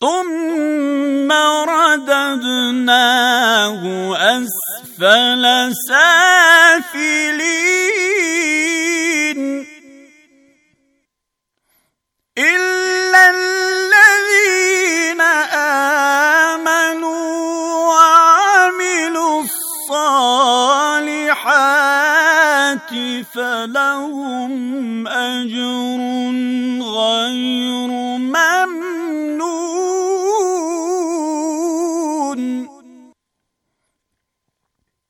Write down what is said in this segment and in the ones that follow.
ثم رددناه اسفل سافلين الا الذين امنوا وعملوا الصالحات فلهم اجر غير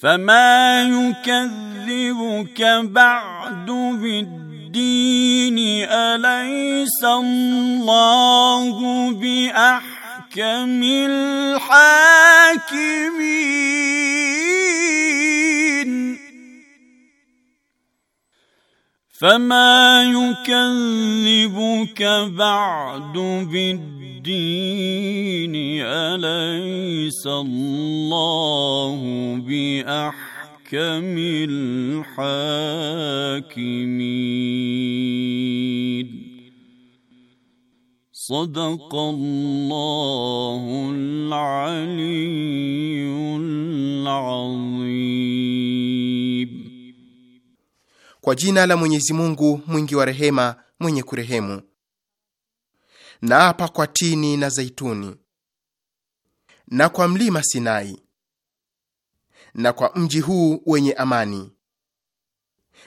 فما يكذبك بعد بالدين اليس الله باحكم الحاكمين فما يكذبك بعد بالدين الدين أليس الله بأحكم الحاكمين صدق الله العلي العظيم Kwa jina la Mwenyezi Mungu mwingi wa rehema mwenye kurehemu na apa kwa tini na zaituni na kwa mlima Sinai na kwa mji huu wenye amani.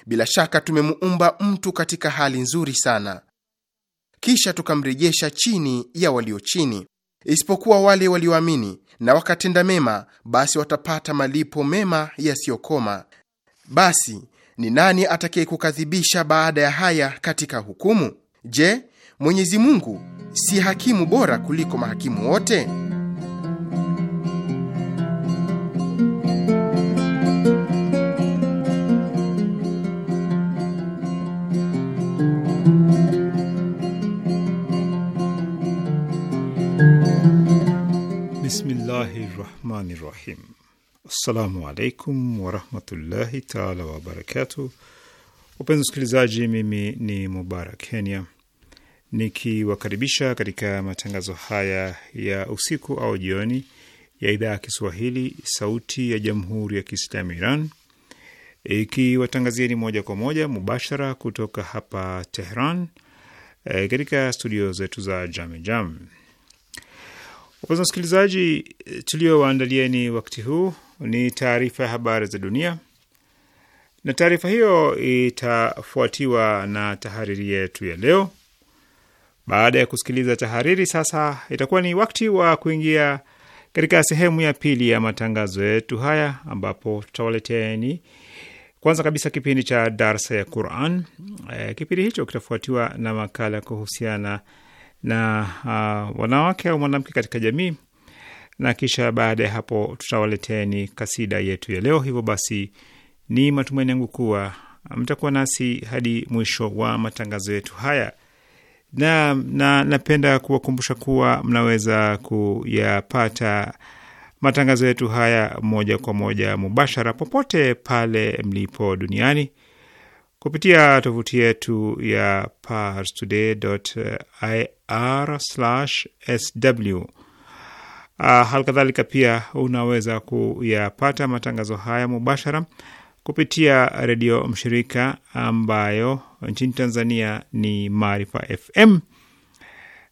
Bila shaka tumemuumba mtu katika hali nzuri sana, kisha tukamrejesha chini ya walio chini, isipokuwa wale walioamini na wakatenda mema, basi watapata malipo mema yasiyokoma. Basi ni nani atakayekukadhibisha baada ya haya katika hukumu? Je, Mwenyezi Mungu si hakimu bora kuliko mahakimu wote? Bismillahi rahmani rahim. Assalamu alaikum warahmatullahi taala wabarakatuh. upenzi wasikilizaji, mimi ni Mubarak Kenya nikiwakaribisha katika matangazo haya ya usiku au jioni ya idhaa ya Kiswahili sauti ya jamhuri ya Kiislamu Iran ikiwatangazieni moja kwa moja mubashara kutoka hapa Tehran e, katika studio zetu za Jamejam. Wapenzi wasikilizaji, tuliowaandalieni wakati huu ni taarifa ya habari za dunia, na taarifa hiyo itafuatiwa na tahariri yetu ya leo baada ya kusikiliza tahariri, sasa itakuwa ni wakati wa kuingia katika sehemu ya pili ya matangazo yetu haya, ambapo tutawaleteni kwanza kabisa kipindi cha darsa ya Quran. E, kipindi hicho kitafuatiwa na makala kuhusiana na uh, wanawake au mwanamke katika jamii, na kisha baada ya hapo tutawaleteni kasida yetu ya leo. Hivyo basi, ni matumaini yangu kuwa mtakuwa nasi hadi mwisho wa matangazo yetu haya na, na napenda kuwakumbusha kuwa mnaweza kuyapata matangazo yetu haya moja kwa moja mubashara popote pale mlipo duniani kupitia tovuti yetu ya parstoday.ir/sw. Ah, Hali kadhalika pia unaweza kuyapata matangazo haya mubashara kupitia redio mshirika ambayo nchini Tanzania ni Maarifa FM.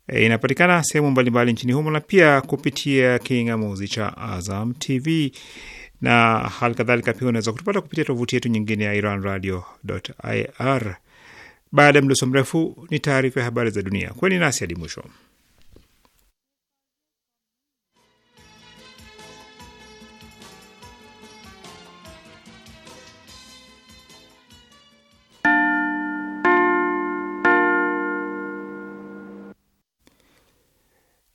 E, inapatikana sehemu mbalimbali nchini humo na pia kupitia kingamuzi cha Azam TV na hali kadhalika pia unaweza kutupata kupitia tovuti yetu nyingine ya iranradio.ir. Baada ya mdoso mrefu ni taarifa ya habari za dunia, kweni nasi hadi mwisho.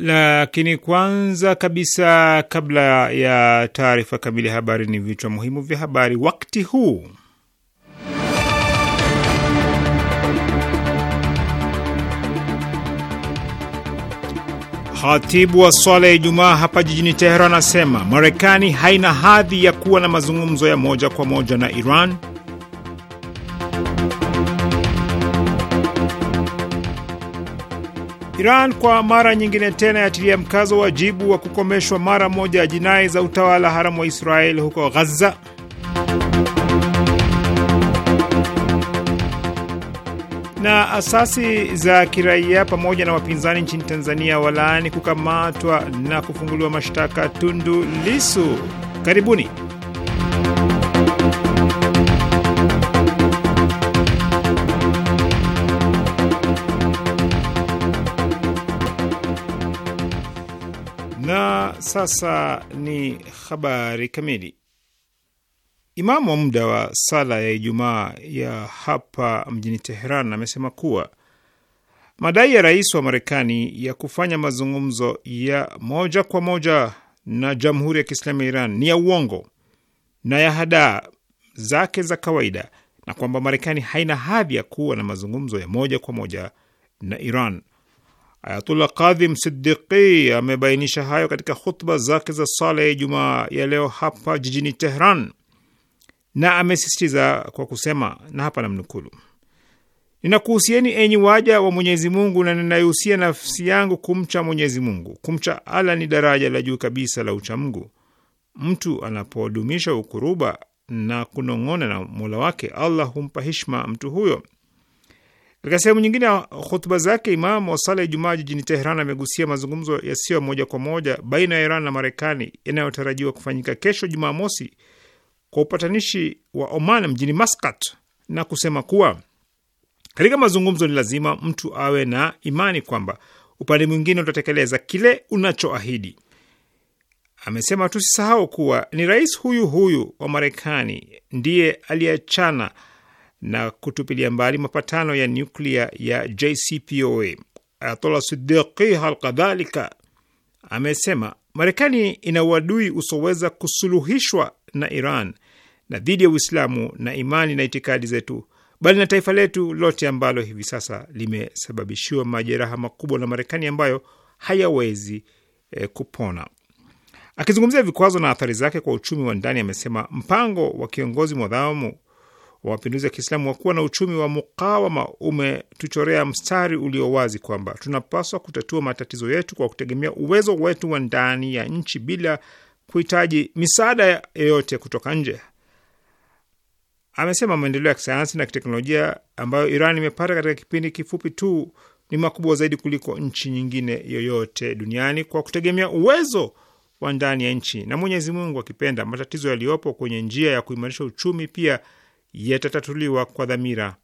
Lakini kwanza kabisa, kabla ya taarifa kamili ya habari, ni vichwa muhimu vya habari wakati huu. Khatibu wa swala ya Ijumaa hapa jijini Teheran anasema Marekani haina hadhi ya kuwa na mazungumzo ya moja kwa moja na Iran. Iran kwa mara nyingine tena yatilia mkazo wajibu wa kukomeshwa mara moja ya jinai za utawala haramu wa Israeli huko Gaza. Na asasi za kiraia pamoja na wapinzani nchini Tanzania walaani kukamatwa na kufunguliwa mashtaka Tundu Lisu. Karibuni. sasa ni habari kamili. Imamu wa muda wa sala ya Ijumaa ya hapa mjini Teheran amesema kuwa madai ya rais wa Marekani ya kufanya mazungumzo ya moja kwa moja na Jamhuri ya Kiislamu ya Iran ni ya uongo na ya hadaa zake za kawaida na kwamba Marekani haina hadhi ya kuwa na mazungumzo ya moja kwa moja na Iran. Ayatullah Kadhim Siddiqi amebainisha hayo katika hutuba zake za sala ya Ijumaa ya leo hapa jijini Tehran, na amesisitiza kwa kusema, na hapa namnukulu: Ninakuhusieni enyi waja wa Mwenyezi Mungu, na ninaihusia nafsi yangu kumcha Mwenyezi Mungu. Kumcha Allah ni daraja la juu kabisa la uchamungu. Mtu anapodumisha ukuruba na kunong'ona na mola wake, Allah humpa hishma mtu huyo. Katika sehemu nyingine ya hutuba zake, Imam wa sala ya Ijumaa jijini Teheran amegusia mazungumzo yasiyo moja kwa moja baina ya Iran na Marekani yanayotarajiwa kufanyika kesho Jumamosi kwa upatanishi wa Oman mjini Maskat na kusema kuwa katika mazungumzo ni lazima mtu awe na imani kwamba upande mwingine utatekeleza kile unachoahidi. Amesema tusisahau kuwa ni rais huyu huyu wa Marekani ndiye aliyeachana na kutupilia mbali mapatano ya nyuklia ya JCPOA. Ayatollah hal kadhalika amesema Marekani ina uadui usoweza kusuluhishwa na Iran na dhidi ya Uislamu na imani na itikadi zetu, bali na taifa letu lote ambalo hivi sasa limesababishiwa majeraha makubwa na Marekani ambayo hayawezi e, kupona. Akizungumzia vikwazo na athari zake kwa uchumi wa ndani, amesema mpango wa kiongozi mwadhamu wa mapinduzi ya Kiislamu wa kuwa na uchumi wa mukawama umetuchorea mstari ulio wazi kwamba tunapaswa kutatua matatizo yetu kwa kutegemea uwezo wetu wa ndani ya nchi bila kuhitaji misaada yoyote kutoka nje. Amesema maendeleo ya kisayansi na kiteknolojia ambayo Iran imepata katika kipindi kifupi tu ni makubwa zaidi kuliko nchi nyingine yoyote duniani kwa kutegemea uwezo wa ndani ya nchi, na Mwenyezi Mungu akipenda, matatizo yaliyopo kwenye njia ya kuimarisha uchumi pia yatatatuliwa kwa dhamira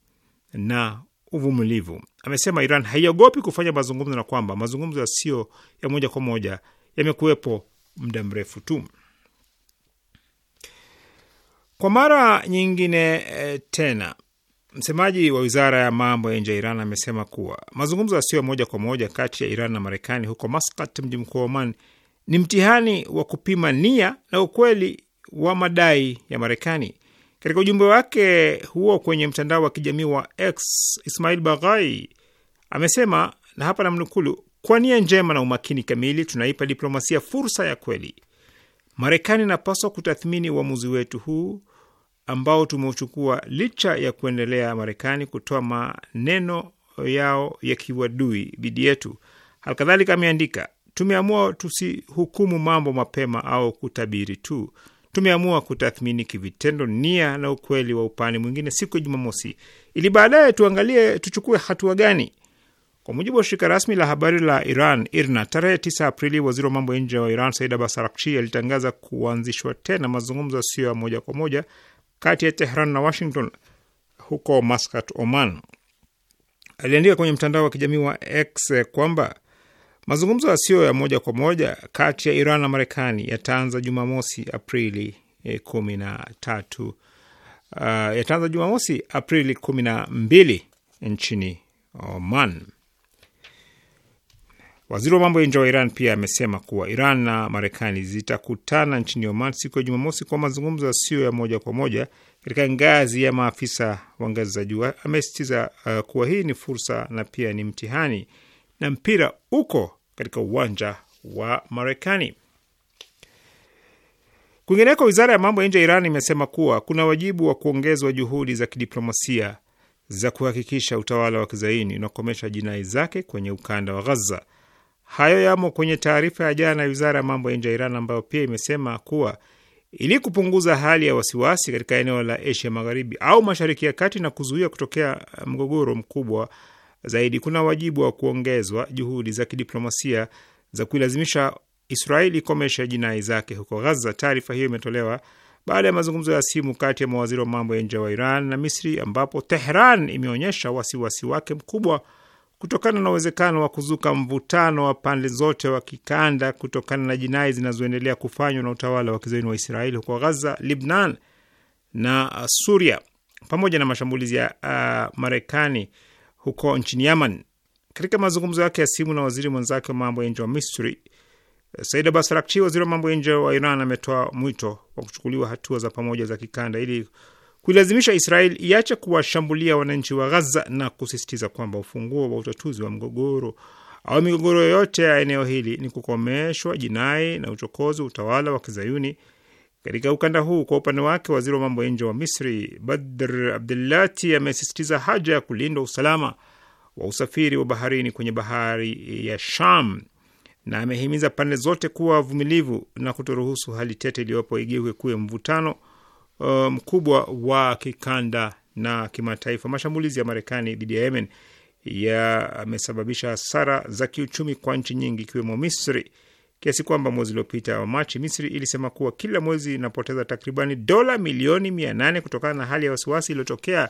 na uvumilivu. Amesema Iran haiogopi kufanya mazungumzo na kwamba mazungumzo yasiyo ya moja kwa moja yamekuwepo muda mrefu tu. Kwa mara nyingine eh, tena, msemaji wa wizara ya mambo ya nje ya Iran amesema kuwa mazungumzo yasiyo ya moja kwa moja kati ya Iran na Marekani huko Maskat, mji mkuu wa Oman, ni mtihani wa kupima nia na ukweli wa madai ya Marekani. Katika ujumbe wake huo kwenye mtandao wa kijamii wa X, Ismail Baghai amesema, na hapa namnukulu: kwa nia njema na umakini kamili tunaipa diplomasia fursa ya kweli. Marekani inapaswa kutathmini uamuzi wetu huu ambao tumeuchukua licha ya kuendelea Marekani kutoa maneno yao ya kiwadui dhidi yetu. Halikadhalika ameandika, tumeamua tusihukumu mambo mapema au kutabiri tu tumeamua kutathmini kivitendo nia na ukweli wa upande mwingine siku ya Jumamosi ili baadaye tuangalie tuchukue hatua gani. Kwa mujibu wa shirika rasmi la habari la Iran IRNA, tarehe 9 Aprili, waziri wa mambo ya nje wa Iran Said Abbas alitangaza kuanzishwa tena mazungumzo yasiyo ya moja kwa moja kati ya Tehran na Washington huko Maskat, Oman. Aliandika kwenye mtandao wa kijamii wa X kwamba Mazungumzo yasiyo ya moja kwa moja kati ya Iran na Marekani yataanza Jumamosi Aprili eh, kumi na tatu uh, yataanza Jumamosi Aprili kumi na mbili nchini Oman. Waziri wa mambo ya nje wa Iran pia amesema kuwa Iran na Marekani zitakutana nchini Oman siku ya Jumamosi kwa mazungumzo yasiyo ya moja kwa moja katika ngazi ya maafisa wa ngazi za juu. Amesitiza uh, kuwa hii ni fursa na pia ni mtihani na mpira uko katika uwanja wa Marekani. Kwingineko, wizara ya mambo ya nje ya Iran imesema kuwa kuna wajibu wa kuongezwa juhudi za kidiplomasia za kuhakikisha utawala wa kizaini unakomesha jinai zake kwenye ukanda wa Ghaza. Hayo yamo kwenye taarifa ya jana ya wizara ya mambo ya nje ya Iran ambayo pia imesema kuwa ili kupunguza hali ya wasiwasi katika eneo la Asia Magharibi au Mashariki ya Kati na kuzuia kutokea mgogoro mkubwa zaidi, kuna wajibu wa kuongezwa juhudi za kidiplomasia za kuilazimisha Israeli ikomeshe jinai zake huko Gaza. Taarifa hiyo imetolewa baada ya mazungumzo ya simu kati ya mawaziri wa mambo ya nje wa Iran na Misri, ambapo Tehran imeonyesha wasiwasi wake mkubwa kutokana na uwezekano wa kuzuka mvutano wa pande zote wa kikanda kutokana na jinai zinazoendelea kufanywa na utawala wa kizayuni wa Israeli huko Gaza, Libnan na Suria, pamoja na mashambulizi ya uh, Marekani huko nchini Yemen. Katika mazungumzo yake ya simu na waziri mwenzake wa mambo ya nje wa Misri, Said Abbas Araghchi, waziri wa mambo ya nje wa Iran, ametoa mwito wa kuchukuliwa hatua za pamoja za kikanda ili kuilazimisha Israel iache kuwashambulia wananchi wa Gaza na kusisitiza kwamba ufunguo wa utatuzi wa mgogoro au migogoro yoyote ya eneo hili ni kukomeshwa jinai na uchokozi utawala wa kizayuni katika ukanda huu. Kwa upande wake, waziri wa mambo ya nje wa Misri Badr Abdulati amesisitiza haja ya kulindwa usalama wa usafiri wa baharini kwenye bahari ya Sham na amehimiza pande zote kuwa wavumilivu na kutoruhusu hali tete iliyopo igeuke kuwe mvutano uh, mkubwa um, wa kikanda na kimataifa. Mashambulizi ya Marekani dhidi ya Yemen yamesababisha hasara za kiuchumi kwa nchi nyingi ikiwemo Misri kiasi kwamba mwezi uliopita wa Machi, Misri ilisema kuwa kila mwezi inapoteza takribani dola milioni mia nane kutokana na hali ya wasiwasi iliyotokea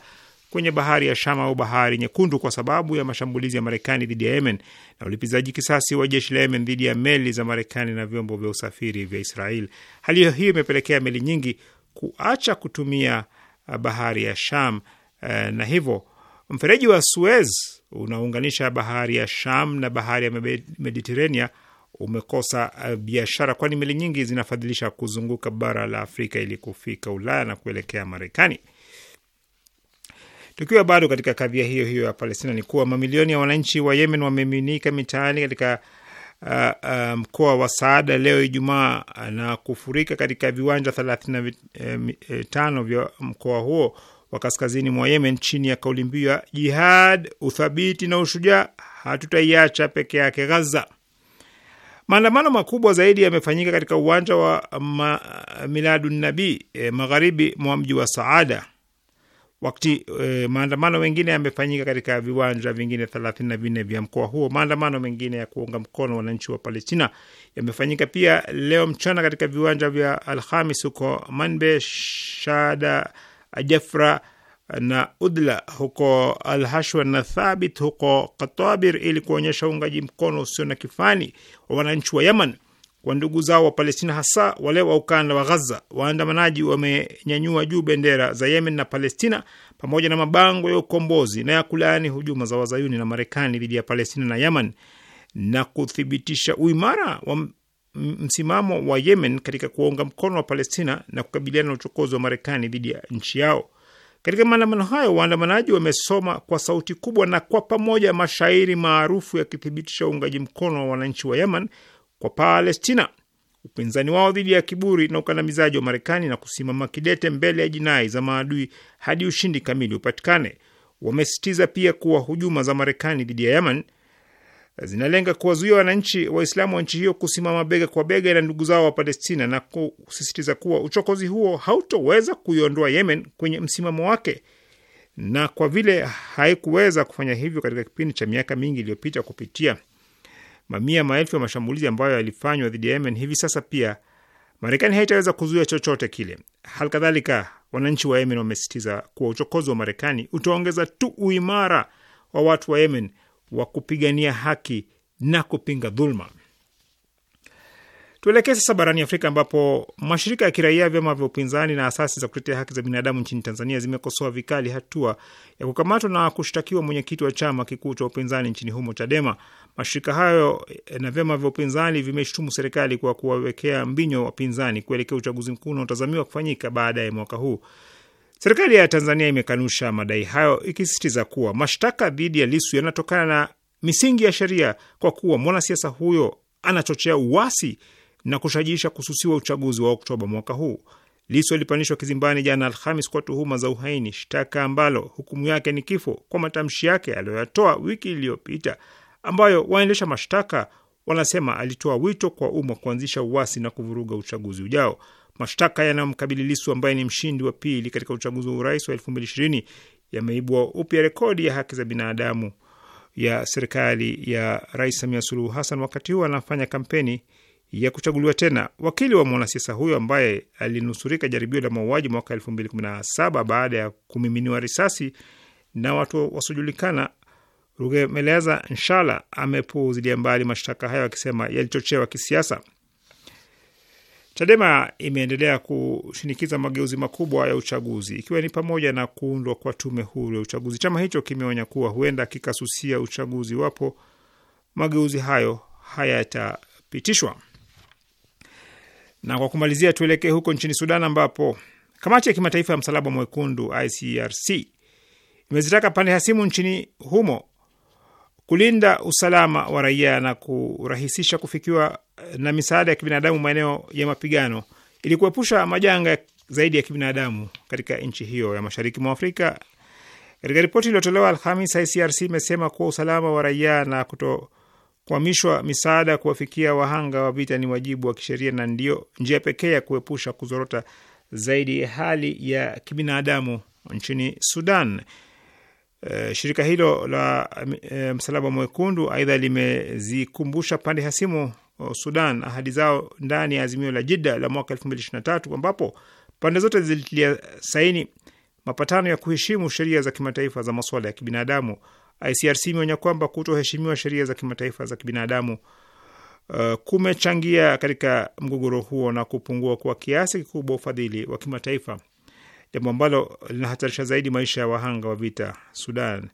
kwenye bahari ya Shama au bahari Nyekundu kwa sababu ya mashambulizi ya Marekani dhidi ya Yemen na ulipizaji kisasi wa jeshi la Yemen dhidi ya meli za Marekani na vyombo vya usafiri vya Israel. Hali hiyo imepelekea meli nyingi kuacha kutumia uh, bahari ya Sham uh, na hivyo mfereji wa Suez unaunganisha bahari ya Sham na bahari ya Mediterania umekosa eh, biashara, kwani meli nyingi zinafadhilisha kuzunguka bara la Afrika ili kufika Ulaya na kuelekea Marekani. Tukiwa bado katika kadhia hiyo hiyo ya Palestina, ni kuwa mamilioni ya wananchi wa Yemen wameminika mitaani katika mkoa uh, eh, eh, mkoa wa Saada leo Ijumaa na kufurika katika viwanja 35 vya mkoa huo wa kaskazini mwa Yemen chini ya kauli mbiu ya jihad, uthabiti na ushujaa, hatutaiacha peke yake Gaza. Maandamano makubwa zaidi yamefanyika katika uwanja wa ma, Miladun Nabi e, magharibi mwa mji wa Saada, wakati e, maandamano mengine yamefanyika katika viwanja vingine thelathini na vinne vya mkoa huo. Maandamano mengine ya kuunga mkono wananchi wa Palestina yamefanyika pia leo mchana katika viwanja vya Alhamis huko Manbe, Shada, Jafra na Udla huko Alhashwa na Thabit huko Katabir ili kuonyesha uungaji mkono usio na kifani wa wananchi wa Yaman kwa ndugu zao wa Palestina, hasa wale wa ukanda wa Ghaza. Waandamanaji wamenyanyua juu bendera za Yemen na Palestina pamoja na mabango ya ukombozi na ya kulaani hujuma za Wazayuni na Marekani dhidi ya Palestina na Yaman na kuthibitisha uimara wa msimamo wa Yemen katika kuunga mkono wa Palestina na kukabiliana na uchokozi wa Marekani dhidi ya nchi yao. Katika maandamano hayo, waandamanaji wamesoma kwa sauti kubwa na kwa pamoja mashairi maarufu yakithibitisha uungaji mkono wa wananchi wa Yemen kwa Palestina, upinzani wao dhidi ya kiburi na ukandamizaji wa Marekani na kusimama kidete mbele ya jinai za maadui hadi ushindi kamili upatikane. Wamesitiza pia kuwa hujuma za Marekani dhidi ya Yemen zinalenga kuwazuia wananchi Waislamu wa nchi hiyo kusimama bega kwa bega na ndugu zao wa Palestina na kusisitiza kuwa uchokozi huo hautoweza kuiondoa Yemen kwenye msimamo wake, na kwa vile haikuweza kufanya hivyo katika kipindi cha miaka mingi iliyopita kupitia mamia maelfu ya mashambulizi ambayo yalifanywa dhidi ya Yemen, hivi sasa pia Marekani haitaweza kuzuia chochote kile. Halikadhalika, wananchi wa Yemen wamesisitiza kuwa uchokozi wa Marekani utaongeza tu uimara wa watu wa Yemen wa kupigania haki na kupinga dhulma. Tuelekee sasa barani Afrika ambapo mashirika ya kiraia, vyama vya upinzani na asasi za kutetea haki za binadamu nchini Tanzania zimekosoa vikali hatua ya kukamatwa na kushtakiwa mwenyekiti wa chama kikuu cha upinzani nchini humo, Chadema. Mashirika hayo eh, na vyama vya upinzani vimeshutumu serikali kwa kuwawekea mbinyo wapinzani kuelekea uchaguzi mkuu unaotazamiwa kufanyika baadaye mwaka huu. Serikali ya Tanzania imekanusha madai hayo ikisisitiza kuwa mashtaka dhidi ya Lisu yanatokana na misingi ya sheria kwa kuwa mwanasiasa huyo anachochea uasi na kushajiisha kususiwa uchaguzi wa Oktoba mwaka huu. Lisu alipandishwa kizimbani jana Alhamis kwa tuhuma za uhaini, shtaka ambalo hukumu yake ni kifo kwa matamshi yake aliyoyatoa wiki iliyopita ambayo waendesha mashtaka wanasema alitoa wito kwa umma kuanzisha uasi na kuvuruga uchaguzi ujao mashtaka yanayomkabili lisu ambaye ni mshindi wa pili katika uchaguzi wa urais wa elfu mbili ishirini yameibua upya rekodi ya haki za binadamu ya serikali ya Rais Samia Suluhu Hassan wakati huu anafanya kampeni ya kuchaguliwa tena. Wakili wa mwanasiasa huyo ambaye alinusurika jaribio la mauaji mwaka elfu mbili kumi na saba baada ya kumiminiwa risasi na watu wasiojulikana, Rugemeleza Nshala amepuuzilia mbali mashtaka hayo akisema yalichochewa kisiasa. Chadema imeendelea kushinikiza mageuzi makubwa ya uchaguzi ikiwa ni pamoja na kuundwa kwa tume huru ya uchaguzi. Chama hicho kimeonya kuwa huenda kikasusia uchaguzi iwapo mageuzi hayo hayatapitishwa. Na kwa kumalizia, tuelekee huko nchini Sudan ambapo kamati ya kimataifa ya msalaba mwekundu ICRC imezitaka pande hasimu nchini humo kulinda usalama wa raia na kurahisisha kufikiwa eh, na misaada ya kibinadamu maeneo ya mapigano ili kuepusha majanga zaidi ya kibinadamu katika nchi hiyo ya mashariki mwa Afrika. Katika ripoti iliyotolewa Alhamis, ICRC imesema kuwa usalama wa raia na kutokwamishwa misaada kuwafikia wahanga wa vita ni wajibu wa kisheria na ndio njia pekee ya kuepusha kuzorota zaidi hali ya kibinadamu nchini Sudan. E, shirika hilo la e, Msalaba Mwekundu aidha limezikumbusha pande hasimu oh, Sudan ahadi zao ndani ya azimio la Jidda la mwaka 2023 ambapo pande zote zilitilia saini mapatano ya kuheshimu sheria za kimataifa za masuala ya kibinadamu. ICRC imeonya kwamba kutoheshimiwa sheria za kimataifa za kibinadamu uh, kumechangia katika mgogoro huo na kupungua kwa kiasi kikubwa ufadhili wa kimataifa jambo ambalo linahatarisha zaidi maisha ya wahanga wa vita Sudan.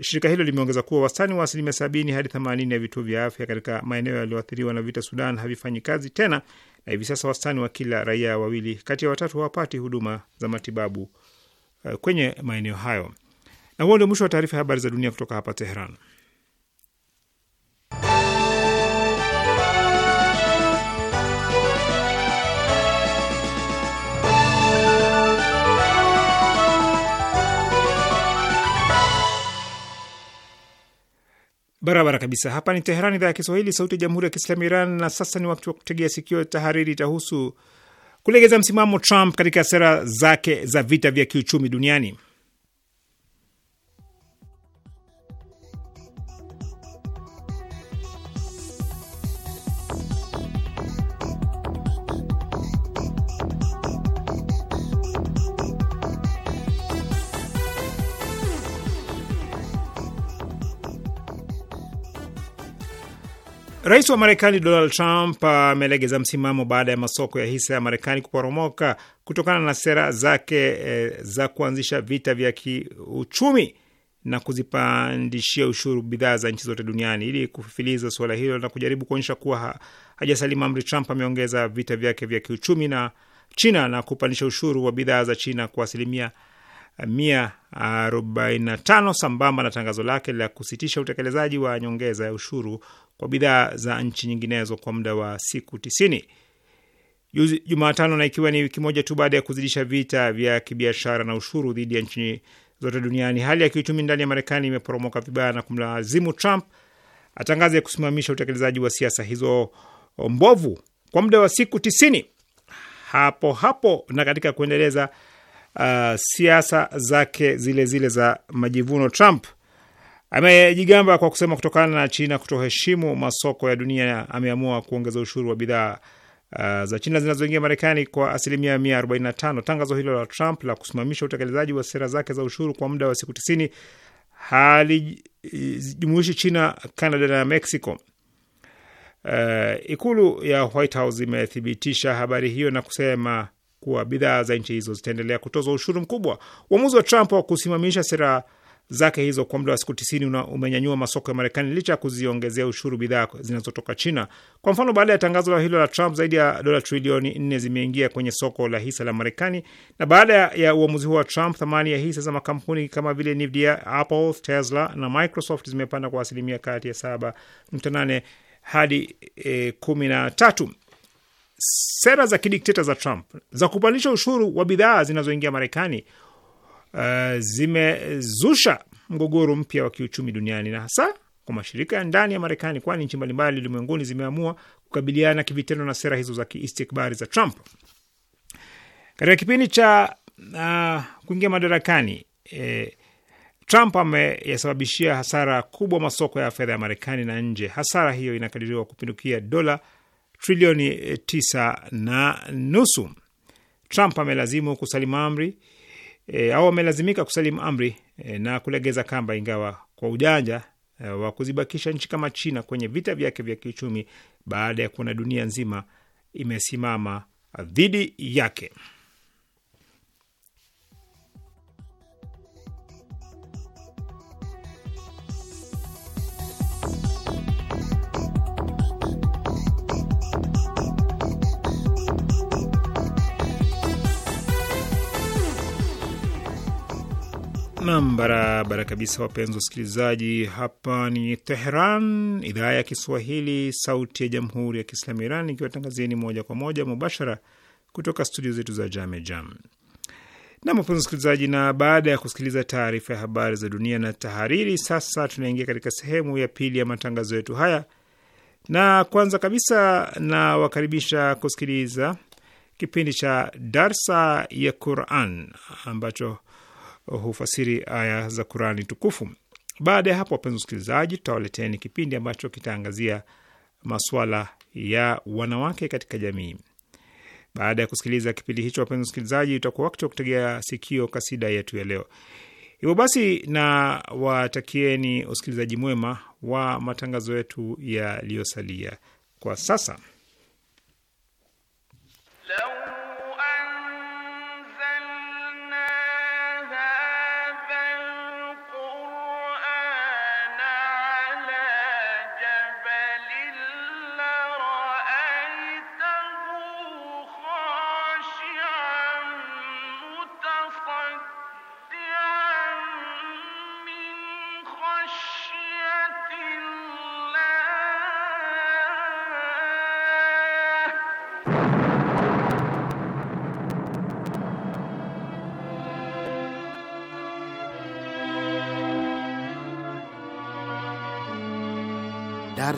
Shirika hilo limeongeza kuwa wastani wa asilimia sabini hadi themanini ya vituo vya afya katika maeneo yaliyoathiriwa na vita Sudan havifanyi kazi tena, na hivi sasa wastani wa kila raia wawili kati ya watatu hawapati huduma za matibabu eh, kwenye maeneo hayo. Na huo ndio mwisho wa taarifa ya habari za dunia kutoka hapa Teheran. barabara kabisa. Hapa ni Teheran, idhaa ya Kiswahili, sauti ya jamhuri ya kiislamu Iran. Na sasa ni wakati wa kutegea sikio. Tahariri itahusu kulegeza msimamo Trump katika sera zake za vita vya kiuchumi duniani. Rais wa Marekani Donald Trump amelegeza msimamo baada ya masoko ya hisa ya Marekani kuporomoka kutokana na sera zake e, za kuanzisha vita vya kiuchumi na kuzipandishia ushuru bidhaa za nchi zote duniani. Ili kufifiliza suala hilo na kujaribu kuonyesha kuwa hajasalimu amri, Trump ameongeza vita vyake vya kiuchumi na China na kupandisha ushuru wa bidhaa za China kwa asilimia 145 sambamba na tangazo lake la kusitisha utekelezaji wa nyongeza ya ushuru kwa bidhaa za nchi nyinginezo kwa muda wa siku tisini juzi Jumatano, na ikiwa ni wiki moja tu baada ya kuzidisha vita vya kibiashara na ushuru dhidi ya nchi zote duniani, hali ya kiuchumi ndani ya Marekani imeporomoka vibaya na kumlazimu Trump atangaze kusimamisha utekelezaji wa siasa hizo mbovu kwa muda wa siku tisini hapo hapo na katika kuendeleza uh, siasa zake zile zile za majivuno, Trump amejigamba kwa kusema kutokana na China kutoheshimu masoko ya dunia ameamua kuongeza ushuru wa bidhaa uh, za China zinazoingia Marekani kwa asilimia 145. Tangazo hilo la Trump la kusimamisha utekelezaji wa sera zake za ushuru kwa muda wa siku 90 halijumuishi China, Canada na Mexico. Uh, ikulu ya White House imethibitisha habari hiyo na kusema kuwa bidhaa za nchi hizo zitaendelea kutozwa ushuru mkubwa. Uamuzi wa Trump wa kusimamisha sera zake hizo kwa muda wa siku tisini umenyanyua masoko ya Marekani licha ya kuziongezea ushuru bidhaa zinazotoka China. Kwa mfano, baada ya tangazo hilo la Trump, zaidi ya dola trilioni nne zimeingia kwenye soko la hisa la Marekani. Na baada ya uamuzi huo wa Trump, thamani ya hisa za makampuni kama vile Nvidia, Apple, Tesla na Microsoft zimepanda kwa asilimia kati ya saba nukta nane hadi e, kumi na tatu. Sera za kidikteta za Trump za kupandisha ushuru wa bidhaa zinazoingia Marekani uh, zimezusha mgogoro mpya wa kiuchumi duniani na hasa kwa mashirika ya ndani ya Marekani, kwani nchi mbalimbali ulimwenguni zimeamua kukabiliana kivitendo na sera hizo za kiistikbari za Trump. Katika kipindi cha uh, kuingia madarakani eh, Trump ameyasababishia hasara kubwa masoko ya fedha ya Marekani na nje. Hasara hiyo inakadiriwa kupindukia dola trilioni eh, tisa na nusu. Trump amelazimu kusalimu amri e, au wamelazimika kusalimu amri e, na kulegeza kamba, ingawa kwa ujanja e, wa kuzibakisha nchi kama China kwenye vita vyake vya kiuchumi baada ya kuona dunia nzima imesimama dhidi yake. Nam, barabara kabisa, wapenzi wasikilizaji, hapa ni Teheran, idhaa ya Kiswahili, sauti ya jamhuri ya kiislamu Iran, ikiwatangazieni moja kwa moja mubashara kutoka studio zetu za Jame Jam. Nam, wapenzi wasikilizaji, na baada ya kusikiliza taarifa ya habari za dunia na tahariri, sasa tunaingia katika sehemu ya pili ya matangazo yetu haya, na kwanza kabisa nawakaribisha kusikiliza kipindi cha darsa ya Quran ambacho hufasiri aya za Qurani tukufu. Baada ya hapo, wapenzi wasikilizaji, tutawaleteni kipindi ambacho kitaangazia maswala ya wanawake katika jamii. Baada ya kusikiliza kipindi hicho, wapenzi wasikilizaji, utakuwa wakati wa kutegea sikio kasida yetu ya leo. Hivyo basi, na watakieni usikilizaji mwema wa matangazo yetu yaliyosalia kwa sasa.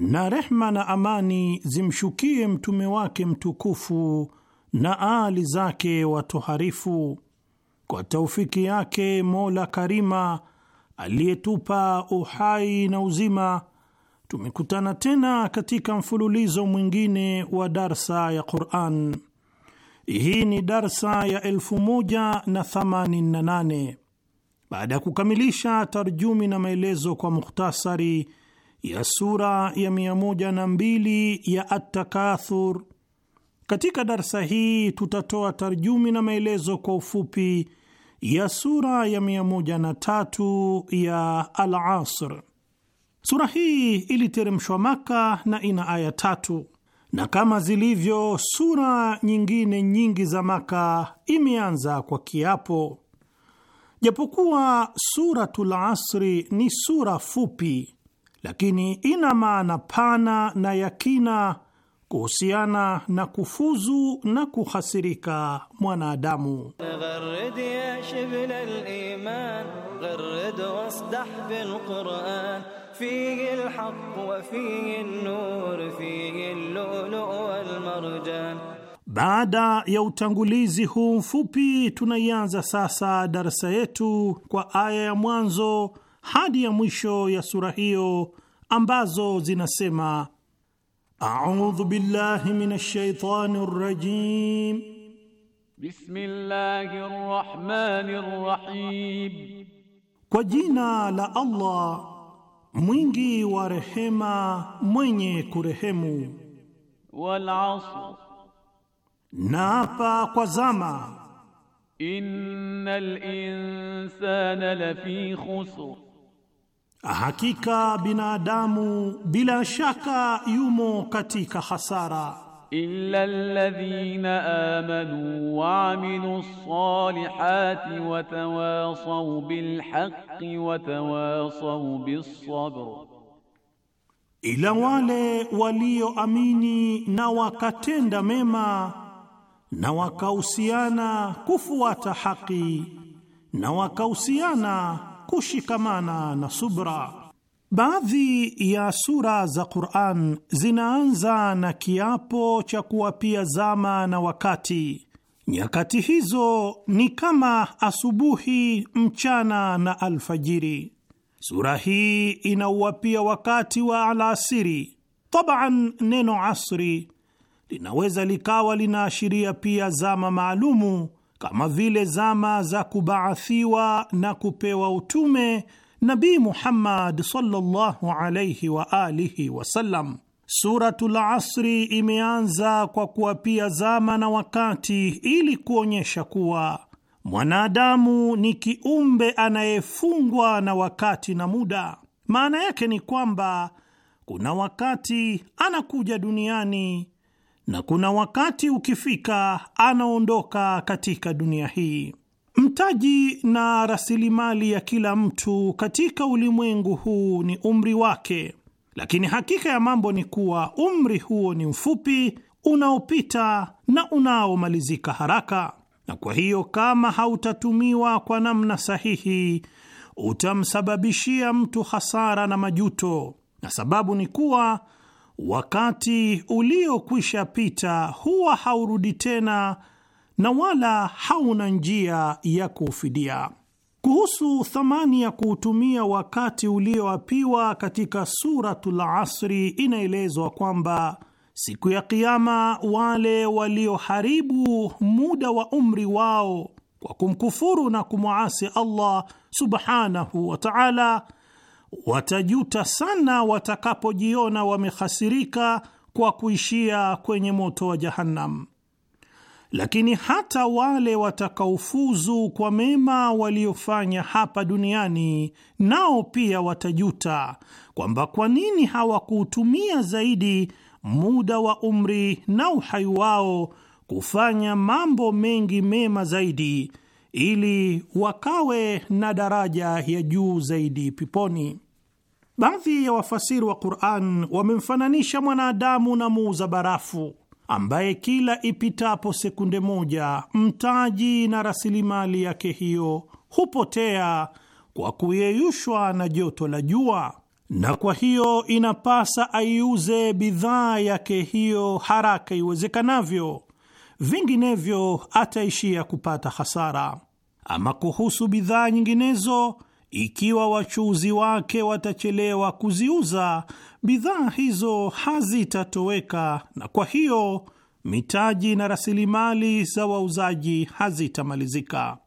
na rehma na amani zimshukie mtume wake mtukufu na aali zake watoharifu. Kwa taufiki yake Mola Karima aliyetupa uhai na uzima, tumekutana tena katika mfululizo mwingine wa darsa ya Quran. Hii ni darsa ya 1088 baada ya kukamilisha tarjumi na maelezo kwa mukhtasari ya sura ya mia moja na mbili ya at Katika darsa hii tutatoa tarjumi na maelezo kwa ufupi ya sura ya mia moja na tatu ya Al-Asr. Sura hii iliteremshwa Maka na ina aya tatu, na kama zilivyo sura nyingine nyingi za Maka imeanza kwa kiapo. Japokuwa Suratul Asri ni sura fupi lakini ina maana pana na yakina kuhusiana na kufuzu na kuhasirika mwanadamu. Baada ya utangulizi huu mfupi, tunaianza sasa darasa yetu kwa aya ya mwanzo hadi ya mwisho ya sura hiyo ambazo zinasema: audhu billahi minash shaitani rajim bismillahir rahmanir rahim, kwa jina la Allah mwingi wa rehema mwenye kurehemu. Wal asr, naapa kwa zama. Innal insana lafi khusr Hakika binadamu bila shaka yumo katika hasara. illa alladhina amanu wa amilu ssalihati wa tawasaw bil haqqi wa tawasaw bis sabr, ila wale walioamini na wakatenda mema na wakahusiana kufuata haki na wakahusiana kushikamana na subra. Baadhi ya sura za Qur'an zinaanza na kiapo cha kuwapia zama na wakati. Nyakati hizo ni kama asubuhi, mchana na alfajiri. Sura hii inauwapia wakati wa alasiri. Taban, neno asri linaweza likawa linaashiria pia zama maalumu kama vile zama za kubaathiwa na kupewa utume Nabi Muhammad sallallahu alayhi wa alihi wasallam. Suratul Asri imeanza kwa kuwapia zama na wakati ili kuonyesha kuwa mwanadamu ni kiumbe anayefungwa na wakati na muda. Maana yake ni kwamba kuna wakati anakuja duniani na kuna wakati ukifika anaondoka katika dunia hii. Mtaji na rasilimali ya kila mtu katika ulimwengu huu ni umri wake, lakini hakika ya mambo ni kuwa umri huo ni mfupi, unaopita na unaomalizika haraka, na kwa hiyo kama hautatumiwa kwa namna sahihi utamsababishia mtu hasara na majuto, na sababu ni kuwa wakati uliokwisha pita huwa haurudi tena na wala hauna njia ya kuufidia. Kuhusu thamani ya kuutumia wakati ulioapiwa katika Suratul Asri, inaelezwa kwamba siku ya Kiama, wale walioharibu muda wa umri wao kwa kumkufuru na kumwasi Allah subhanahu wa taala watajuta sana watakapojiona wamehasirika kwa kuishia kwenye moto wa Jahannam. Lakini hata wale watakaofuzu kwa mema waliofanya hapa duniani, nao pia watajuta kwamba kwa nini hawakuutumia zaidi muda wa umri na uhai wao kufanya mambo mengi mema zaidi ili wakawe na daraja ya juu zaidi piponi Baadhi ya wafasiri wa Qur'an wamemfananisha mwanadamu na muuza barafu ambaye kila ipitapo sekunde moja mtaji na rasilimali yake hiyo hupotea kwa kuyeyushwa na joto la jua, na kwa hiyo inapasa aiuze bidhaa yake hiyo haraka iwezekanavyo vinginevyo ataishia kupata hasara. Ama kuhusu bidhaa nyinginezo, ikiwa wachuuzi wake watachelewa kuziuza bidhaa hizo, hazitatoweka na kwa hiyo mitaji na rasilimali za wauzaji hazitamalizika.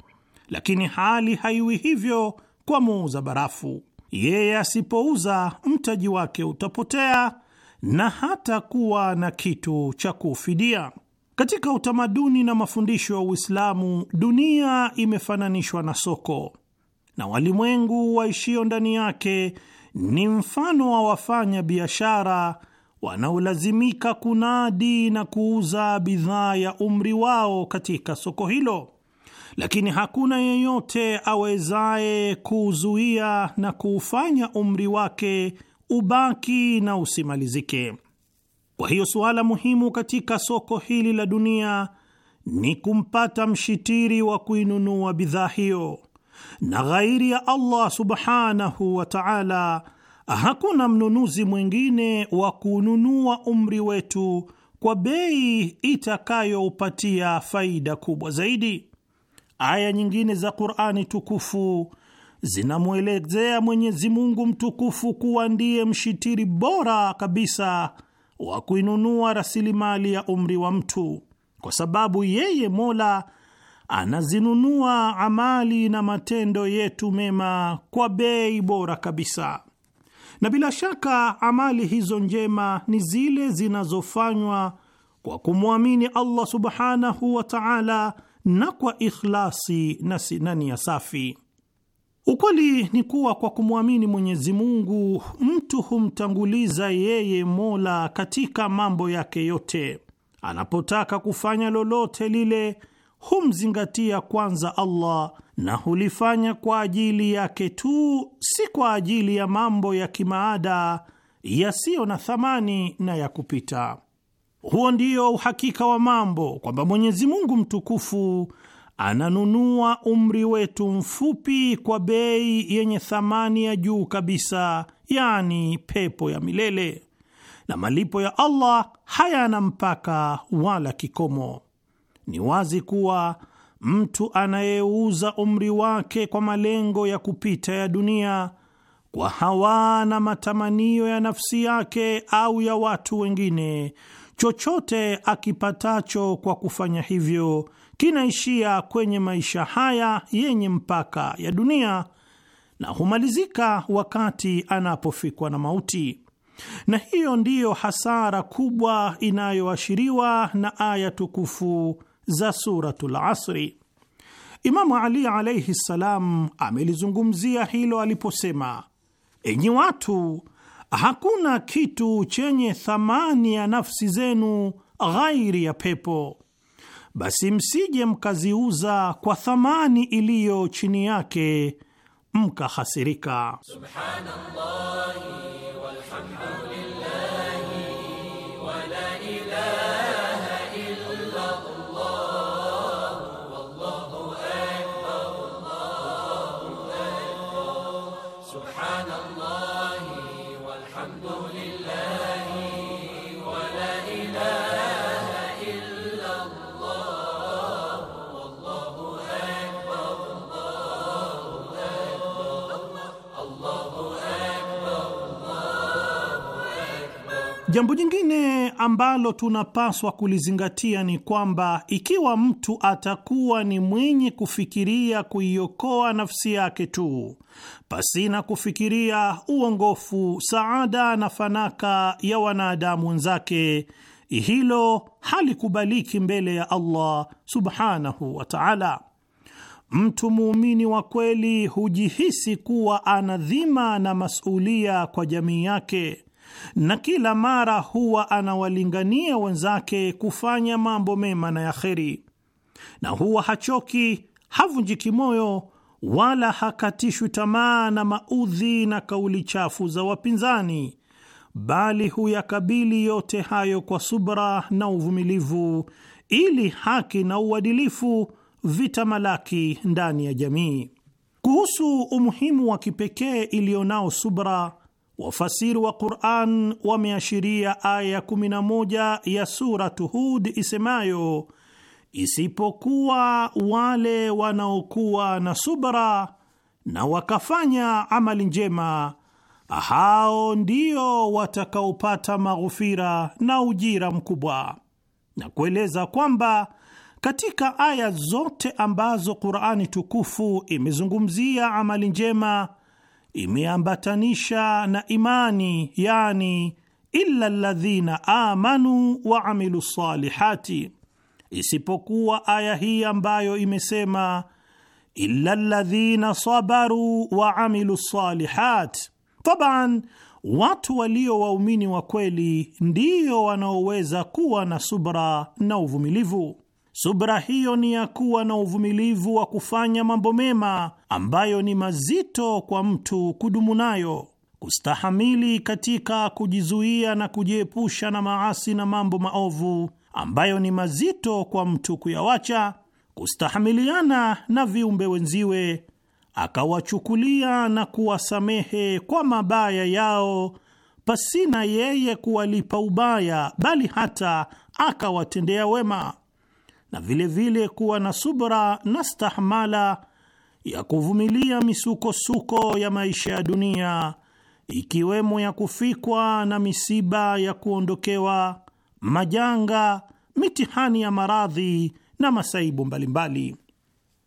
Lakini hali haiwi hivyo kwa muuza barafu. Yeye asipouza, mtaji wake utapotea na hata kuwa na kitu cha kufidia. Katika utamaduni na mafundisho ya Uislamu, dunia imefananishwa na soko na walimwengu waishio ndani yake ni mfano wa wafanya biashara wanaolazimika kunadi na kuuza bidhaa ya umri wao katika soko hilo, lakini hakuna yeyote awezaye kuuzuia na kuufanya umri wake ubaki na usimalizike. Kwa hiyo suala muhimu katika soko hili la dunia ni kumpata mshitiri wa kuinunua bidhaa hiyo, na ghairi ya Allah subhanahu wa ta'ala, hakuna mnunuzi mwingine wa kununua umri wetu kwa bei itakayoupatia faida kubwa zaidi. Aya nyingine za Qur'ani tukufu zinamwelezea Mwenyezi Mungu mtukufu kuwa ndiye mshitiri bora kabisa wa kuinunua rasilimali ya umri wa mtu, kwa sababu yeye Mola anazinunua amali na matendo yetu mema kwa bei bora kabisa. Na bila shaka amali hizo njema ni zile zinazofanywa kwa kumwamini Allah subhanahu wa ta'ala na kwa ikhlasi na nia safi. Ukweli ni kuwa kwa kumwamini Mwenyezi Mungu mtu humtanguliza yeye Mola katika mambo yake yote. Anapotaka kufanya lolote lile humzingatia kwanza Allah na hulifanya kwa ajili yake tu, si kwa ajili ya mambo ya kimaada yasiyo na thamani na ya kupita. Huo ndio uhakika wa mambo kwamba Mwenyezi Mungu mtukufu ananunua umri wetu mfupi kwa bei yenye thamani ya juu kabisa, yani pepo ya milele, na malipo ya Allah hayana mpaka wala kikomo. Ni wazi kuwa mtu anayeuza umri wake kwa malengo ya kupita ya dunia, kwa hawa na matamanio ya nafsi yake au ya watu wengine, chochote akipatacho kwa kufanya hivyo kinaishia kwenye maisha haya yenye mpaka ya dunia na humalizika wakati anapofikwa na mauti. Na hiyo ndiyo hasara kubwa inayoashiriwa na aya tukufu za Suratul Asri. Imamu Ali alaihi ssalam amelizungumzia hilo aliposema, enyi watu, hakuna kitu chenye thamani ya nafsi zenu ghairi ya pepo basi msije mkaziuza kwa thamani iliyo chini yake mkahasirika. Subhanallah walhamdulillah Jambo jingine ambalo tunapaswa kulizingatia ni kwamba ikiwa mtu atakuwa ni mwenye kufikiria kuiokoa nafsi yake tu pasina kufikiria uongofu, saada na fanaka ya wanadamu wenzake, hilo halikubaliki mbele ya Allah subhanahu wa ta'ala. Mtu muumini wa kweli hujihisi kuwa ana dhima na masulia kwa jamii yake na kila mara huwa anawalingania wenzake kufanya mambo mema na ya kheri, na huwa hachoki, havunjiki moyo wala hakatishwi tamaa na maudhi na kauli chafu za wapinzani, bali huyakabili yote hayo kwa subra na uvumilivu, ili haki na uadilifu vitamalaki ndani ya jamii. Kuhusu umuhimu wa kipekee iliyonao subra Wafasiri wa Quran wameashiria aya 11 ya Suratu Hud isemayo, isipokuwa wale wanaokuwa na subra na wakafanya amali njema, hao ndio watakaopata maghufira na ujira mkubwa, na kueleza kwamba katika aya zote ambazo Qur'ani tukufu imezungumzia amali njema imeambatanisha na imani, yani illa ladhina amanu wa amilu salihati, isipokuwa aya hii ambayo imesema illa ladhina sabaru wa amilu salihat. Taban, watu walio waumini wa kweli ndiyo wanaoweza kuwa na subra na uvumilivu. Subra hiyo ni ya kuwa na uvumilivu wa kufanya mambo mema ambayo ni mazito kwa mtu kudumu nayo, kustahamili katika kujizuia na kujiepusha na maasi na mambo maovu ambayo ni mazito kwa mtu kuyawacha, kustahamiliana na viumbe wenziwe, akawachukulia na kuwasamehe kwa mabaya yao pasina yeye kuwalipa ubaya, bali hata akawatendea wema na vilevile vile kuwa na subra na stahmala ya kuvumilia misukosuko ya maisha ya dunia, ikiwemo ya kufikwa na misiba ya kuondokewa, majanga, mitihani ya maradhi na masaibu mbalimbali.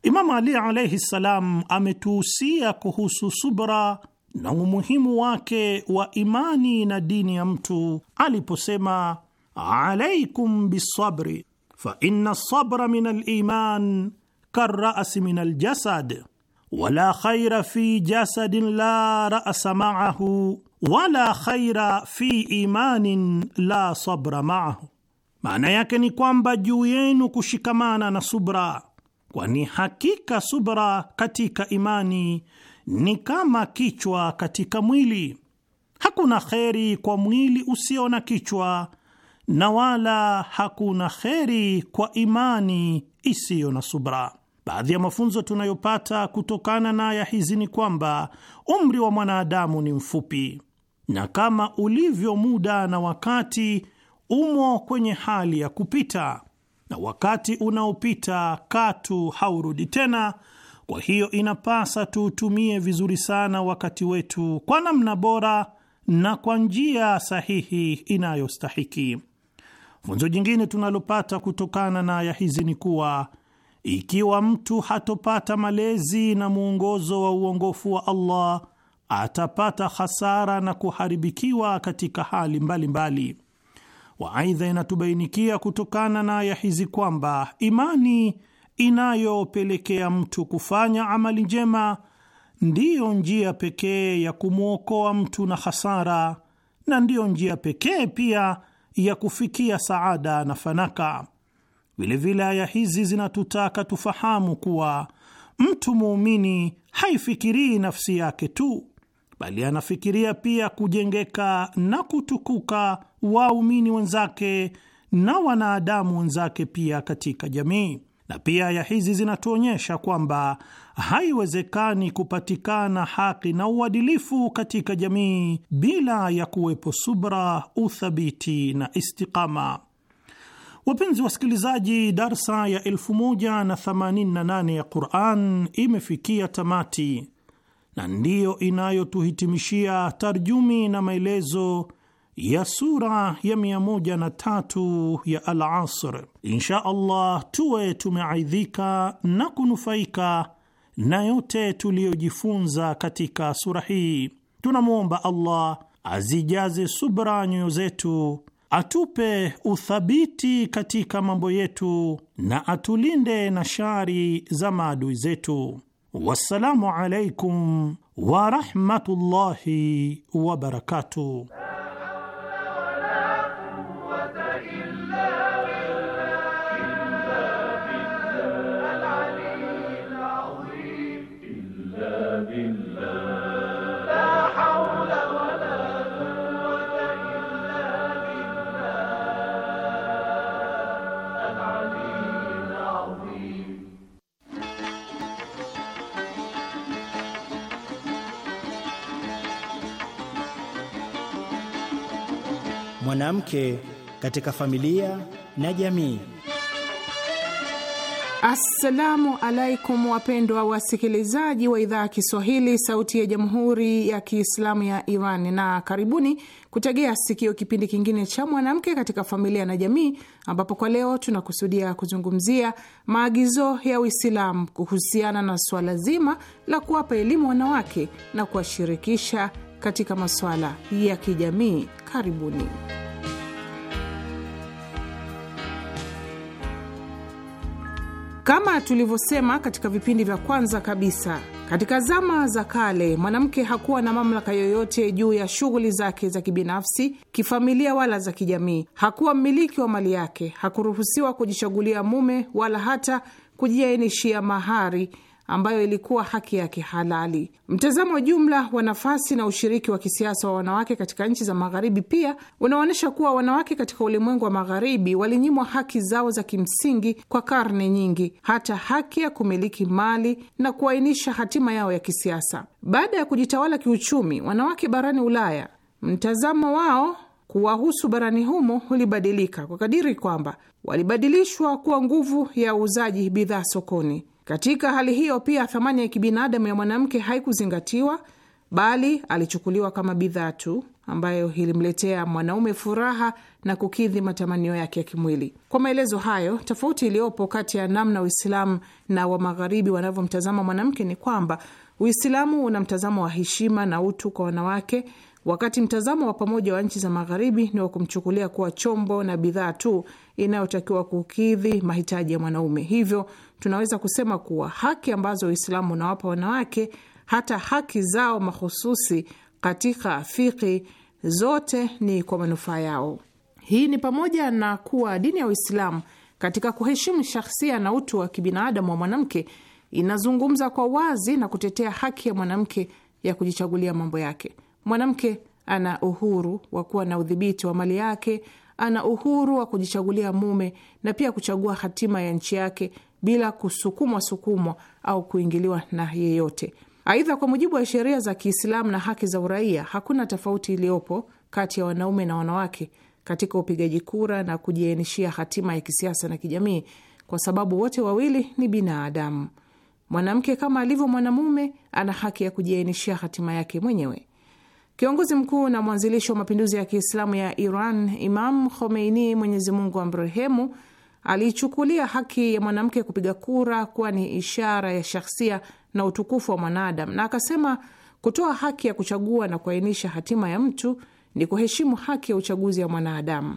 Imamu Ali alaihi ssalam ametuhusia kuhusu subra na umuhimu wake wa imani na dini ya mtu aliposema, alaikum bisabri inna sabra min aliman karrasi min aljasad wala khaira fi jasadin la rasa maahu wala khaira fi imanin la sabra maahu, maana yake ni kwamba juu yenu kushikamana na subra, kwani hakika subra katika imani ni kama kichwa katika mwili. Hakuna kheri kwa mwili usio na kichwa na wala hakuna kheri kwa imani isiyo na subra. Baadhi ya mafunzo tunayopata kutokana na aya hizi ni kwamba umri wa mwanadamu ni mfupi, na kama ulivyo muda na wakati, umo kwenye hali ya kupita, na wakati unaopita katu haurudi tena. Kwa hiyo inapasa tuutumie vizuri sana wakati wetu kwa namna bora na kwa njia sahihi inayostahiki. Funzo jingine tunalopata kutokana na aya hizi ni kuwa ikiwa mtu hatopata malezi na mwongozo wa uongofu wa Allah atapata hasara na kuharibikiwa katika hali mbalimbali wa Waaidha, inatubainikia kutokana na aya hizi kwamba imani inayopelekea mtu kufanya amali njema ndiyo njia pekee ya kumwokoa mtu na hasara na ndiyo njia pekee pia ya kufikia saada na fanaka. Vilevile aya hizi zinatutaka tufahamu kuwa mtu muumini haifikirii nafsi yake tu, bali anafikiria pia kujengeka na kutukuka waumini wenzake na wanadamu wenzake pia katika jamii na pia aya hizi zinatuonyesha kwamba haiwezekani kupatikana haki na uadilifu katika jamii bila ya kuwepo subra, uthabiti na istiqama. Wapenzi wasikilizaji, darsa ya 1088 ya Quran imefikia tamati na ndiyo inayotuhitimishia tarjumi na maelezo ya sura ya mia moja na tatu ya Al-Asr. Insha Allah tuwe tumeaidhika na kunufaika na yote tuliyojifunza katika sura hii. Tunamwomba Allah azijaze subra nyoyo zetu, atupe uthabiti katika mambo yetu na atulinde na shari za maadui zetu. Wassalamu alaikum warahmatullahi wabarakatuh. mwanamke katika familia na jamii. Assalamu alaikum wapendwa wasikilizaji wa idhaa ya Kiswahili sauti ya jamhuri ya Kiislamu ya Iran, na karibuni kutegea sikio kipindi kingine cha mwanamke katika familia na jamii, ambapo kwa leo tunakusudia kuzungumzia maagizo ya Uislamu kuhusiana na swala zima la kuwapa elimu wanawake na kuwashirikisha katika masuala ya kijamii. Karibuni. Kama tulivyosema katika vipindi vya kwanza kabisa, katika zama za kale mwanamke hakuwa na mamlaka yoyote juu ya shughuli zake za kibinafsi, kifamilia, wala za kijamii. Hakuwa mmiliki wa mali yake, hakuruhusiwa kujichagulia mume wala hata kujiainishia mahari ambayo ilikuwa haki yake halali. Mtazamo jumla wa nafasi na ushiriki wa kisiasa wa wanawake katika nchi za Magharibi pia unaonyesha kuwa wanawake katika ulimwengu wa Magharibi walinyimwa haki zao za kimsingi kwa karne nyingi, hata haki ya kumiliki mali na kuainisha hatima yao ya kisiasa. Baada ya kujitawala kiuchumi wanawake barani Ulaya, mtazamo wao kuwahusu barani humo ulibadilika kwa kadiri kwamba walibadilishwa kuwa nguvu ya uuzaji bidhaa sokoni. Katika hali hiyo pia thamani ya kibinadamu ya mwanamke haikuzingatiwa, bali alichukuliwa kama bidhaa tu ambayo ilimletea mwanaume furaha na kukidhi matamanio yake ya kimwili. Kwa maelezo hayo, tofauti iliyopo kati ya namna Uislamu na wa Magharibi wanavyomtazama mwanamke ni kwamba Uislamu una mtazamo wa heshima na utu kwa wanawake wakati mtazamo wa pamoja wa nchi za Magharibi ni wa kumchukulia kuwa chombo na bidhaa tu inayotakiwa kukidhi mahitaji ya mwanaume. Hivyo tunaweza kusema kuwa haki ambazo Uislamu unawapa wanawake, hata haki zao mahususi katika fiki, zote ni kwa manufaa yao. Hii ni pamoja na kuwa dini ya Uislamu katika kuheshimu shahsia na utu wa kibinadamu wa mwanamke inazungumza kwa wazi na kutetea haki ya mwanamke ya kujichagulia mambo yake. Mwanamke ana uhuru wa kuwa na udhibiti wa mali yake, ana uhuru wa kujichagulia mume na pia kuchagua hatima ya nchi yake bila kusukumwa sukumwa au kuingiliwa na yeyote. Aidha, kwa mujibu wa sheria za Kiislamu na haki za uraia, hakuna tofauti iliyopo kati ya wanaume na wanawake katika upigaji kura na kujiainishia hatima ya kisiasa na kijamii, kwa sababu wote wawili ni binadamu. Mwanamke kama alivyo mwanamume ana haki ya kujiainishia hatima yake mwenyewe. Kiongozi mkuu na mwanzilishi wa mapinduzi ya Kiislamu ya Iran, Imam Khomeini, Mwenyezi Mungu amrehemu, aliichukulia haki ya mwanamke kupiga kura kuwa ni ishara ya shahsia na utukufu wa mwanadamu, na akasema kutoa haki ya kuchagua na kuainisha hatima ya mtu ni kuheshimu haki ya uchaguzi ya mwanadamu.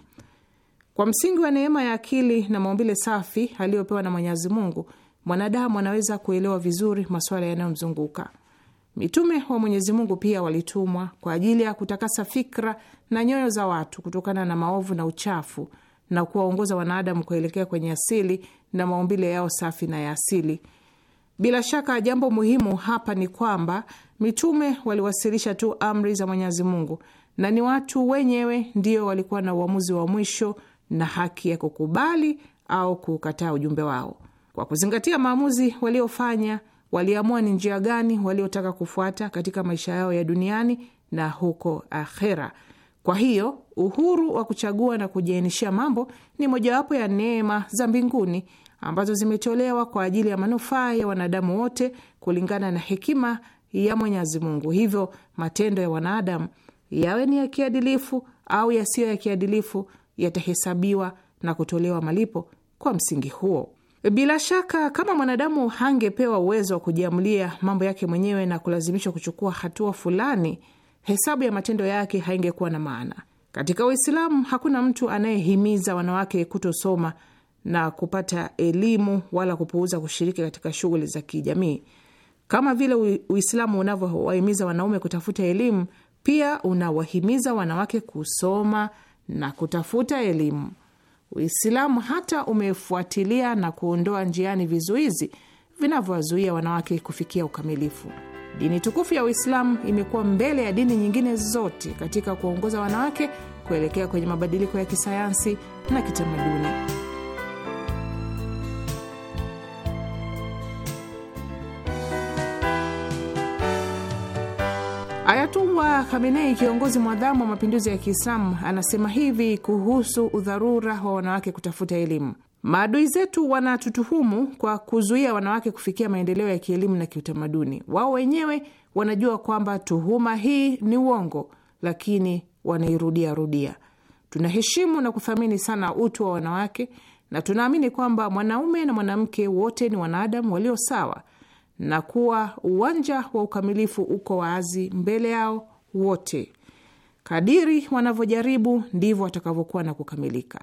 Kwa msingi wa neema ya akili na maumbile safi aliyopewa na Mwenyezi Mungu, mwanadamu anaweza kuelewa vizuri masuala yanayomzunguka. Mitume wa Mwenyezi Mungu pia walitumwa kwa ajili ya kutakasa fikra na nyoyo za watu kutokana na maovu na uchafu na kuwaongoza wanadamu kuelekea kwenye asili na maumbile yao safi na ya asili. Bila shaka jambo muhimu hapa ni kwamba mitume waliwasilisha tu amri za Mwenyezi Mungu na ni watu wenyewe ndio walikuwa na uamuzi wa mwisho na haki ya kukubali au kukataa ujumbe wao. Kwa kuzingatia maamuzi waliofanya waliamua ni njia gani waliotaka kufuata katika maisha yao ya duniani na huko akhera. Kwa hiyo uhuru wa kuchagua na kujiainishia mambo ni mojawapo ya neema za mbinguni ambazo zimetolewa kwa ajili ya manufaa ya wanadamu wote kulingana na hekima ya Mwenyezi Mungu. Hivyo matendo ya wanadamu yawe ni ya kiadilifu au yasiyo ya kiadilifu, yatahesabiwa na kutolewa malipo kwa msingi huo. Bila shaka kama mwanadamu hangepewa uwezo wa kujiamulia mambo yake mwenyewe na kulazimishwa kuchukua hatua fulani, hesabu ya matendo yake haingekuwa na maana. Katika Uislamu hakuna mtu anayehimiza wanawake kutosoma na kupata elimu wala kupuuza kushiriki katika shughuli za kijamii. Kama vile Uislamu unavyowahimiza wanaume kutafuta elimu, pia unawahimiza wanawake kusoma na kutafuta elimu. Uislamu hata umefuatilia na kuondoa njiani vizuizi vinavyowazuia wanawake kufikia ukamilifu. Dini tukufu ya Uislamu imekuwa mbele ya dini nyingine zote katika kuwaongoza wanawake kuelekea kwenye mabadiliko ya kisayansi na kitamaduni. Ayatullah Khamenei, kiongozi mwadhamu wa mapinduzi ya Kiislamu, anasema hivi kuhusu udharura wa wanawake kutafuta elimu: maadui zetu wanatutuhumu kwa kuzuia wanawake kufikia maendeleo ya kielimu na kiutamaduni. Wao wenyewe wanajua kwamba tuhuma hii ni uongo, lakini wanairudia rudia. Tunaheshimu na kuthamini sana utu wa wanawake na tunaamini kwamba mwanaume na mwanamke wote ni wanadamu walio sawa na kuwa uwanja wa ukamilifu uko wazi mbele yao wote. Kadiri wanavyojaribu ndivyo watakavyokuwa na kukamilika.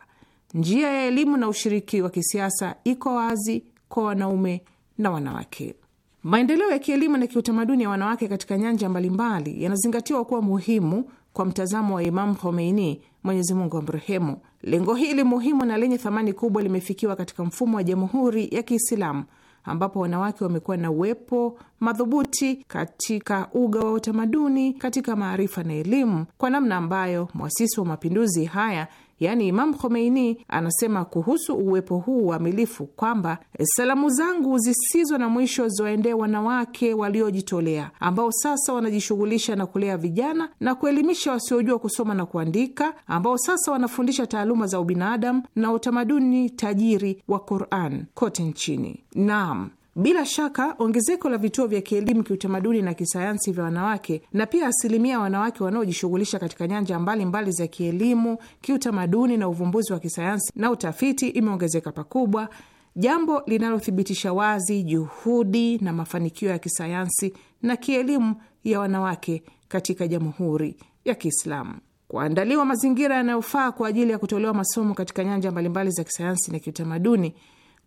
Njia ya elimu na ushiriki wa kisiasa iko wazi kwa wanaume na wanawake. Maendeleo ya kielimu na kiutamaduni ya wanawake katika nyanja mbalimbali yanazingatiwa kuwa muhimu kwa mtazamo wa Imam Khomeini, Mwenyezi Mungu amrehemu. Lengo hili muhimu na lenye thamani kubwa limefikiwa katika mfumo wa Jamhuri ya Kiislamu ambapo wanawake wamekuwa na uwepo madhubuti katika uga wa utamaduni, katika maarifa na elimu, kwa namna ambayo mwasisi wa mapinduzi haya yaani Imam Khomeini anasema kuhusu uwepo huu uamilifu kwamba eh, salamu zangu zisizo na mwisho ziwaendee wanawake waliojitolea ambao sasa wanajishughulisha na kulea vijana na kuelimisha wasiojua kusoma na kuandika, ambao sasa wanafundisha taaluma za ubinadamu na utamaduni tajiri wa Quran kote nchini. Naam, bila shaka ongezeko la vituo vya kielimu, kiutamaduni na kisayansi vya wanawake na pia asilimia ya wanawake wanaojishughulisha katika nyanja mbalimbali mbali za kielimu, kiutamaduni na uvumbuzi wa kisayansi na utafiti imeongezeka pakubwa, jambo linalothibitisha wazi juhudi na mafanikio ya kisayansi na kielimu ya wanawake katika Jamhuri ya Kiislamu. Kuandaliwa mazingira yanayofaa kwa ajili ya kutolewa masomo katika nyanja mbalimbali za kisayansi na kiutamaduni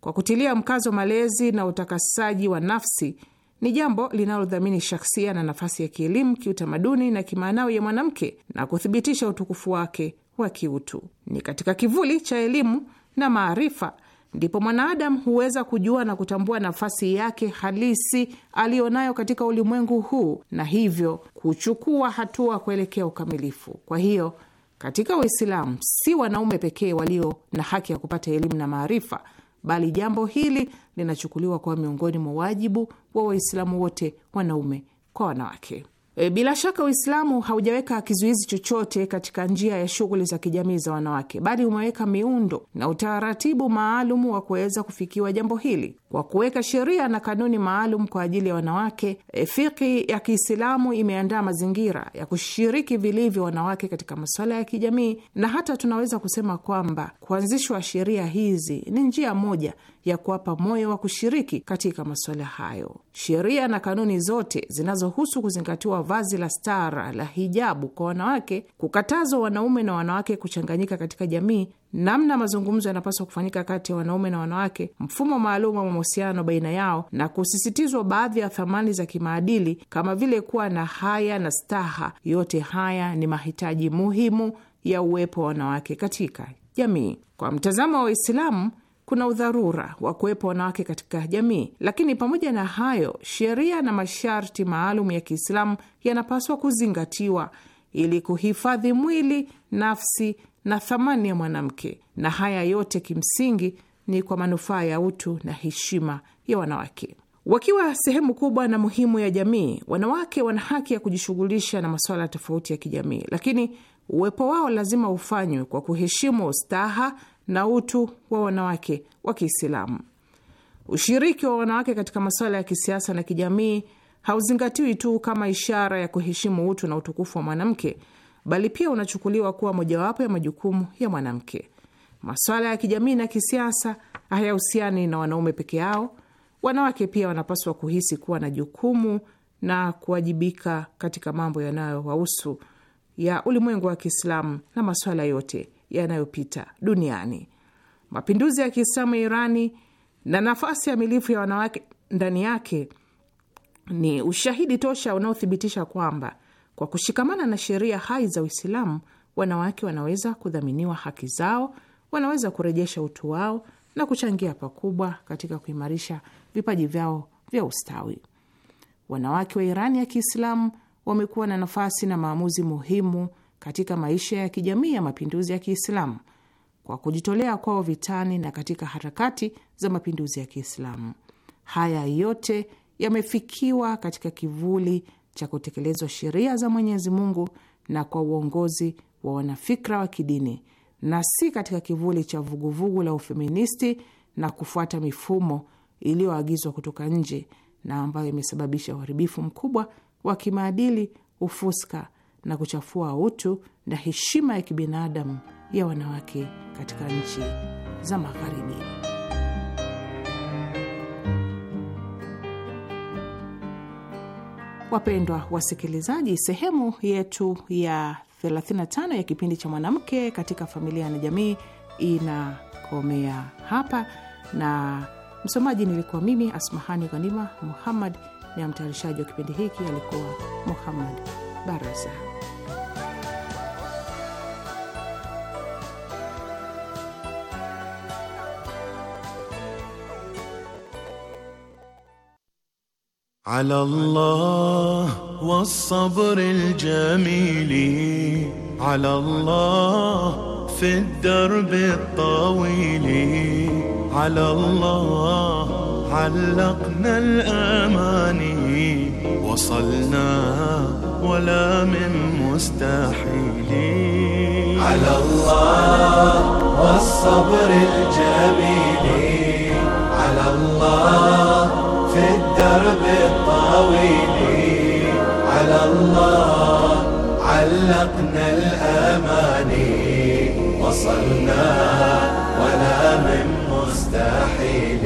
kwa kutilia mkazo malezi na utakasaji wa nafsi ni jambo linalodhamini shaksia na nafasi ya kielimu, kiutamaduni na kimaanawi ya mwanamke na kuthibitisha utukufu wake wa kiutu. Ni katika kivuli cha elimu na maarifa ndipo mwanaadamu huweza kujua na kutambua nafasi yake halisi aliyonayo katika ulimwengu huu na hivyo kuchukua hatua kuelekea ukamilifu. Kwa hiyo katika Uislamu si wanaume pekee walio na haki ya kupata elimu na maarifa bali jambo hili linachukuliwa kuwa miongoni mwa wajibu wa Waislamu wote, wanaume kwa wanawake. E, bila shaka Uislamu haujaweka kizuizi chochote katika njia ya shughuli za kijamii za wanawake, bali umeweka miundo na utaratibu maalum wa kuweza kufikiwa jambo hili kwa kuweka sheria na kanuni maalum kwa ajili ya wanawake. E, fiki ya Kiislamu imeandaa mazingira ya kushiriki vilivyo wanawake katika masuala ya kijamii, na hata tunaweza kusema kwamba kuanzishwa sheria hizi ni njia moja ya kuwapa moyo wa kushiriki katika masuala hayo. Sheria na kanuni zote zinazohusu kuzingatiwa vazi la stara la hijabu kwa wanawake, kukatazwa wanaume na wanawake kuchanganyika katika jamii, namna mazungumzo yanapaswa kufanyika kati ya wanaume na wanawake, mfumo maalum wa mahusiano baina yao, na kusisitizwa baadhi ya thamani za kimaadili kama vile kuwa na haya na staha. Yote haya ni mahitaji muhimu ya uwepo wa wanawake katika jamii. Kwa mtazamo wa Waislamu, kuna udharura wa kuwepo wanawake katika jamii, lakini pamoja na hayo, sheria na masharti maalum ya Kiislamu yanapaswa kuzingatiwa ili kuhifadhi mwili, nafsi na thamani ya mwanamke, na haya yote kimsingi ni kwa manufaa ya utu na heshima ya wanawake. Wakiwa sehemu kubwa na muhimu ya jamii, wanawake wana haki ya kujishughulisha na masuala tofauti ya kijamii, lakini uwepo wao lazima ufanywe kwa kuheshimu staha na utu wa wanawake wa Kiislamu. Ushiriki wa wanawake katika masuala ya kisiasa na kijamii hauzingatiwi tu kama ishara ya kuheshimu utu na utukufu wa mwanamke, bali pia unachukuliwa kuwa mojawapo ya majukumu ya mwanamke. Masuala ya kijamii na kisiasa hayahusiani na wanaume peke yao. Wanawake pia wanapaswa kuhisi kuwa na jukumu na kuwajibika katika mambo yanayowahusu ya ulimwengu wa Kiislamu na masuala yote yanayopita duniani. Mapinduzi ya Kiislamu ya Irani na nafasi ya milifu ya wanawake ndani yake ni ushahidi tosha unaothibitisha kwamba kwa kushikamana na sheria hai za Uislamu, wanawake wanaweza kudhaminiwa haki zao, wanaweza kurejesha utu wao na kuchangia pakubwa katika kuimarisha vipaji vyao vya ustawi. Wanawake wa Irani ya Kiislamu wamekuwa na nafasi na maamuzi muhimu katika maisha ya kijamii ya mapinduzi ya Kiislamu kwa kujitolea kwao vitani na katika harakati za mapinduzi ya Kiislamu. Haya yote yamefikiwa katika kivuli cha kutekelezwa sheria za Mwenyezi Mungu na kwa uongozi wa wanafikra wa kidini na si katika kivuli cha vuguvugu la ufeministi na kufuata mifumo iliyoagizwa kutoka nje na ambayo imesababisha uharibifu mkubwa wa kimaadili, ufuska na kuchafua utu na heshima ya kibinadamu ya wanawake katika nchi za Magharibi. Wapendwa wasikilizaji, sehemu yetu ya 35 ya kipindi cha mwanamke katika familia na jamii inakomea hapa, na msomaji nilikuwa mimi Asmahani Ghanima Muhammad, na mtayarishaji wa kipindi hiki alikuwa Muhammad Barasa. على الله والصبر الجميل على الله في الدرب الطويل على الله علقنا الأماني وصلنا ولا من مستحيل على الله والصبر الجميل على الله في الدرب الطويل على الله علقنا الأماني وصلنا ولا من مستحيل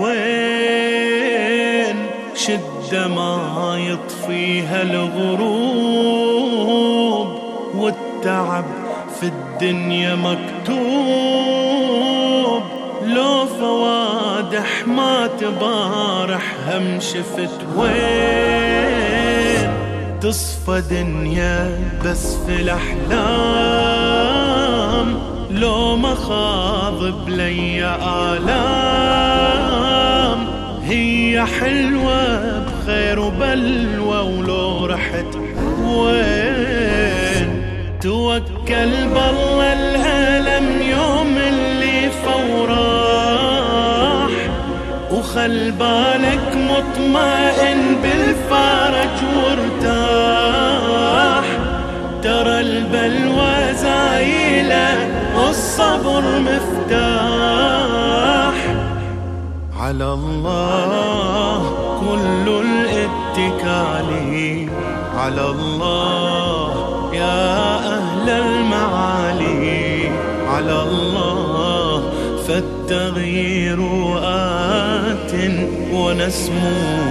وين شدة ما يطفيها الغروب والتعب في الدنيا مكتوب فوادح ما تبارح هم شفت وين تصفى دنيا بس في الأحلام لو ما خاض لي آلام هي حلوة بخير وبلوى ولو رحت وين توكل بالله الهلم يوم اللي فوراً وخل بالك مطمئن بالفرج وارتاح ترى البلوى زايلة والصبر مفتاح على الله كل الاتكال على الله فالتغيير آت ونسمو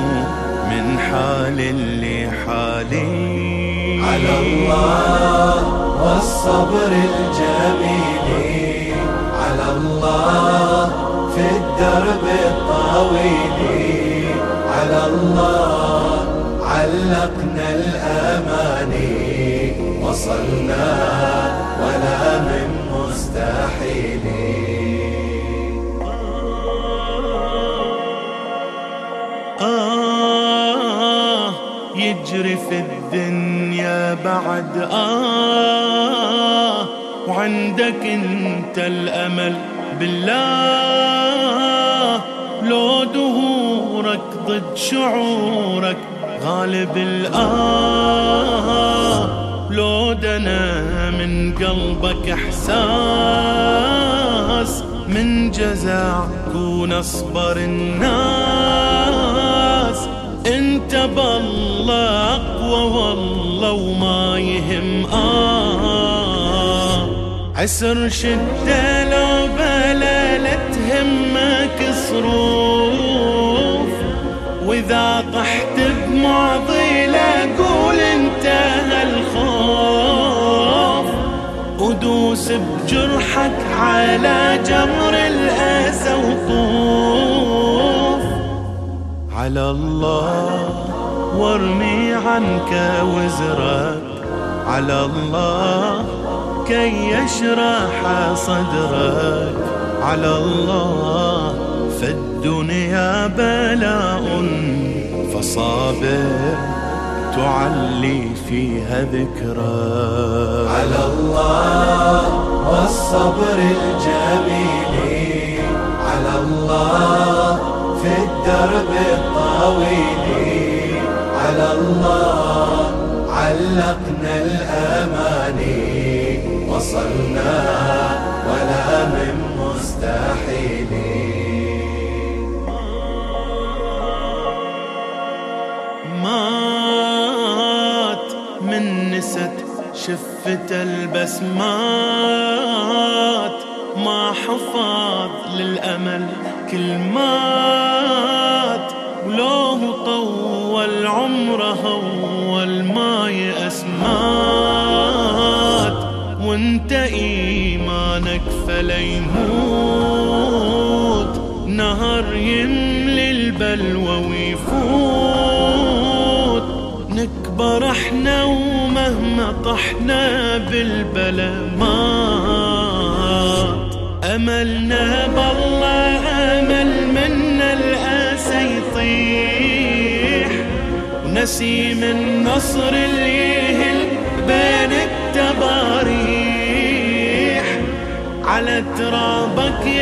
من حال لحال على الله والصبر الجميل على الله في الدرب الطويل على الله علقنا الأماني وصلنا ولا من مستحيل يجري في الدنيا بعد آه وعندك انت الأمل بالله لو دهورك ضد شعورك غالب الآه لو دنا من قلبك إحساس من كون ونصبر الناس بالله اقوى والله وما يهم اه عسر شده لو بلا لا تهمك صروف واذا طحت بمعضله قول انتهى الخوف ودوس بجرحك على جمر الاسى وطوف على الله وارمي عنك وزرك على الله كي يشرح صدرك على الله فالدنيا بلاء فصابر تعلي فيها ذكرى على الله والصبر الجميل على الله في الدرب الطويل على الله علقنا الأماني وصلنا ولا من مستحيل مات من نست شفت البسمات ما حفظ للأمل كل مات عمره أول ما يأسمات وانت إيمانك فليموت نهر يملي البلوى ويفوت نكبر احنا ومهما طحنا بالبلمات أملنا بالله نسيم النصر اللي يهل بين التباريح على ترابك